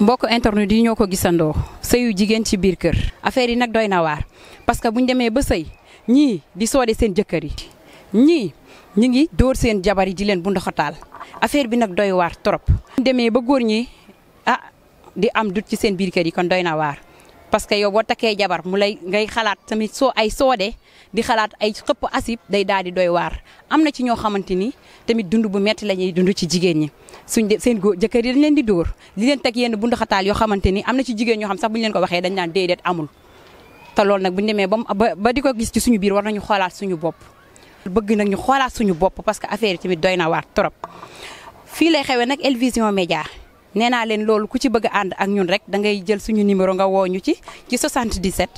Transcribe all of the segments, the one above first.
mbokk internet yi ñoo ko gisandoo sëyu jigéen ci biir kër affaire yi nag doy na waar parce que bu ñu demee ba sëy ñii di soode seen jëkkër yi ñii ñu ngi dóor seen jabar yi di leen bu ndoxataal affaire bi nag doy waar trop. bu ñu demee ba góor ñi ah di am dut ci seen biir kër yi kon doy na waar. parce que yow boo takkee jabar mu lay ngay xalaat tamit soo ay soode di xalaat ay xëpp asib day daal di doy waar am na ci ñoo xamante ni tamit dund bu metti la ñuy dund ci jigéen ñi suñ seen góor jëkkër yi dañ leen di door di leen teg yenn bundu xataal yoo xamante ni am na ci jigéen ñoo xam sax bu ñu leen ko waxee dañ naan déedéet amul te loolu nag bu ñu demee ba ba di ko gis ci suñu biir war nañu xoolaat suñu bopp bëgg nag ñu xoolaat suñu bopp parce que affaire yi tamit doy na waar fii lay xewee nag El Vision nee naa leen loolu ku ci bëgg a ànd ak ñun rek da ngay jël suñu numéro nga woo ñu ci ci 77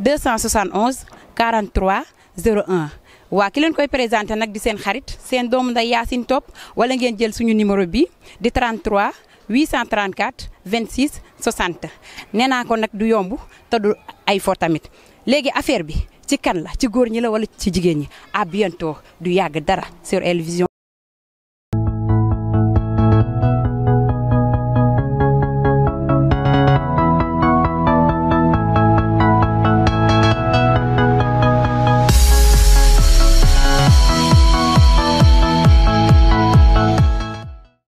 271 43 01 waa ki leen koy présenté nag di seen xarit seen doomu nday Yacine Top wala ngeen jël suñu numéro bi di 33 834 26 60 nee naa ko nag du yomb te du ay fo tamit léegi affaire bi ci kan la ci góor ñi la wala ci jigéen ñi à bientôt du yàgg dara sur El